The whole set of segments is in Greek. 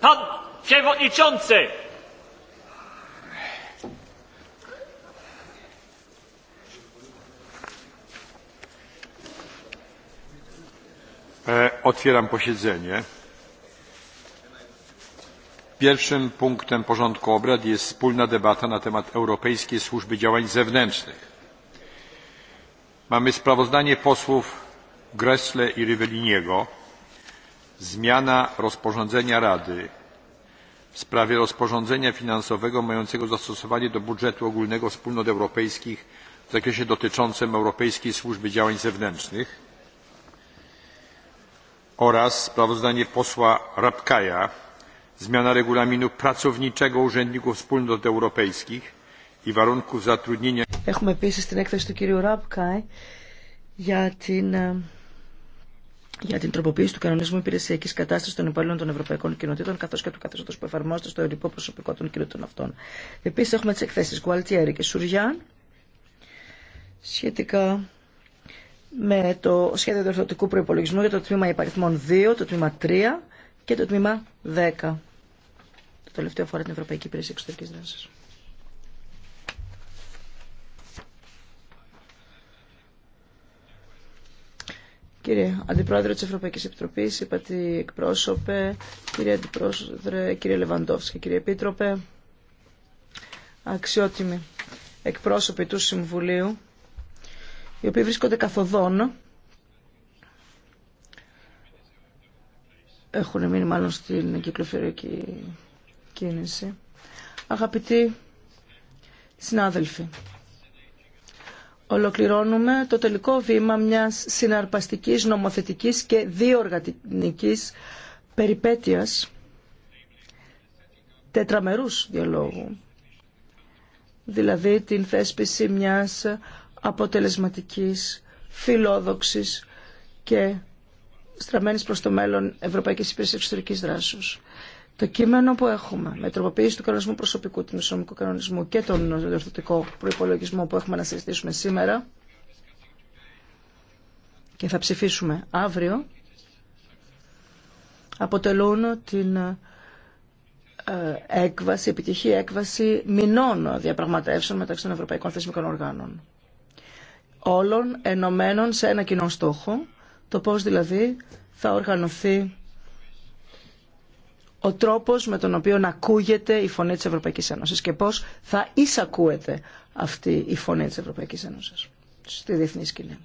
Pan Przewodniczący! Otwieram posiedzenie. Pierwszym punktem porządku obrad jest wspólna debata na temat Europejskiej Służby Działań Zewnętrznych. Mamy sprawozdanie posłów Gressle i Ryweliniego zmiana rozporządzenia Rady w sprawie rozporządzenia finansowego mającego zastosowanie do budżetu ogólnego wspólnot europejskich w zakresie dotyczącym Europejskiej Służby Działań Zewnętrznych oraz sprawozdanie posła Rapkaya zmiana regulaminu pracowniczego urzędników wspólnot europejskich i warunków zatrudnienia για την τροποποίηση του κανονισμού υπηρεσιακή κατάσταση των υπαλλήλων των Ευρωπαϊκών Κοινοτήτων, καθώ και του καθεστώτο που εφαρμόζεται στο ελληνικό προσωπικό των κοινοτήτων αυτών. Επίση, έχουμε τι εκθέσει Γουαλτιέρη και Σουριάν σχετικά με το σχέδιο διορθωτικού προπολογισμού για το τμήμα υπαριθμών 2, το τμήμα 3 και το τμήμα 10. Το τελευταίο αφορά την Ευρωπαϊκή Υπηρεσία Εξωτερική Δράση. Κύριε Αντιπρόεδρε της Ευρωπαϊκής Επιτροπής, είπατε εκπρόσωπε, κύριε Αντιπρόεδρε, κύριε και κύριε Επίτροπε, αξιότιμοι εκπρόσωποι του Συμβουλίου, οι οποίοι βρίσκονται καθοδόν, έχουν μείνει μάλλον στην κυκλοφοριακή κίνηση. Αγαπητοί συνάδελφοι, ολοκληρώνουμε το τελικό βήμα μιας συναρπαστικής νομοθετικής και διοργανικής περιπέτειας τετραμερούς διαλόγου, δηλαδή την θέσπιση μιας αποτελεσματικής, φιλόδοξης και στραμμένης προς το μέλλον Ευρωπαϊκής Υπηρεσίας Εξωτερικής Δράσης το κείμενο που έχουμε με τροποποίηση του κανονισμού προσωπικού, του νοσονομικού κανονισμού και τον διορθωτικό προπολογισμό που έχουμε να συζητήσουμε σήμερα και θα ψηφίσουμε αύριο, αποτελούν την ε, έκβαση, επιτυχή έκβαση μηνών διαπραγματεύσεων μεταξύ των Ευρωπαϊκών Θεσμικών Οργάνων. Όλων ενωμένων σε ένα κοινό στόχο, το πώς δηλαδή θα οργανωθεί ο τρόπος με τον οποίο ακούγεται η φωνή της Ευρωπαϊκής Ένωσης και πώς θα εισακούεται αυτή η φωνή της Ευρωπαϊκής Ένωσης στη διεθνή σκηνή.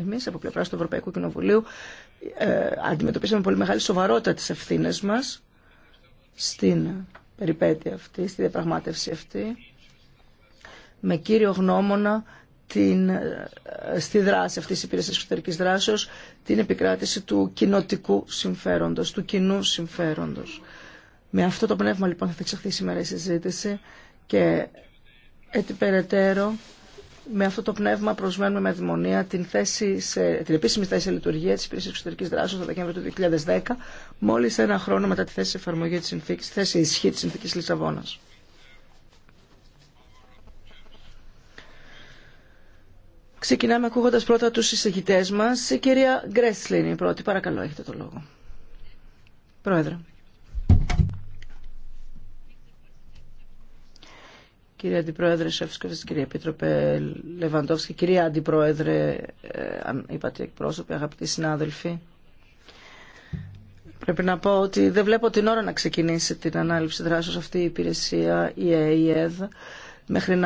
Εμείς από πλευρά του Ευρωπαϊκού Κοινοβουλίου ε, αντιμετωπίσαμε πολύ μεγάλη σοβαρότητα τις ευθύνε μας στην περιπέτεια αυτή, στη διαπραγμάτευση αυτή με κύριο γνώμονα την, στη δράση αυτής της υπηρεσίας εξωτερικής δράσεως την επικράτηση του κοινοτικού συμφέροντος, του κοινού συμφέροντος. Με αυτό το πνεύμα λοιπόν θα διεξαχθεί σήμερα η συζήτηση και έτσι περαιτέρω με αυτό το πνεύμα προσμένουμε με δημονία την, θέση σε, την επίσημη θέση σε λειτουργία της υπηρεσίας εξωτερικής δράσεως το Δεκέμβριο του 2010, μόλις ένα χρόνο μετά τη θέση εφαρμογή της συνθήκης, θέση ισχύ της συνθήκης Λισαβόνας. Ξεκινάμε ακούγοντα πρώτα του συζητητέ μα. Η κυρία Γκρέσλιν, είναι η πρώτη. Παρακαλώ, έχετε το λόγο. Πρόεδρε. Κύριε Αντιπρόεδρε Σεύσκοφης, κύριε Επίτροπε Λεβαντόφσκη, κυρία Αντιπρόεδρε, ε, αν είπατε εκπρόσωποι, αγαπητοί συνάδελφοι. Πρέπει να πω ότι δεν βλέπω την ώρα να ξεκινήσει την ανάληψη δράσεως αυτή η υπηρεσία, η ΕΕΔ, μέχρι